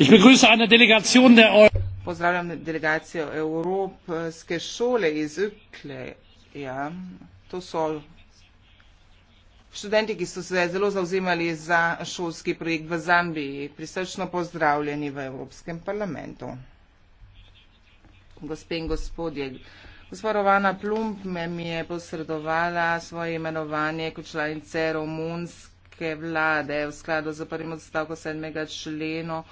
Ich begrüße eine Delegation der Eu Pozdravljam delegacijo Evropske šole iz Ökle. Ja, to so študenti, ki so se zelo zauzemali za šolski projekt v Zambiji. Prisrčno pozdravljeni v Evropskem parlamentu. Gospe in gospodje, gospod Rovana Plump me mi je posredovala svoje imenovanje kot članice romunske vlade v skladu z prvim odstavkom sedmega členu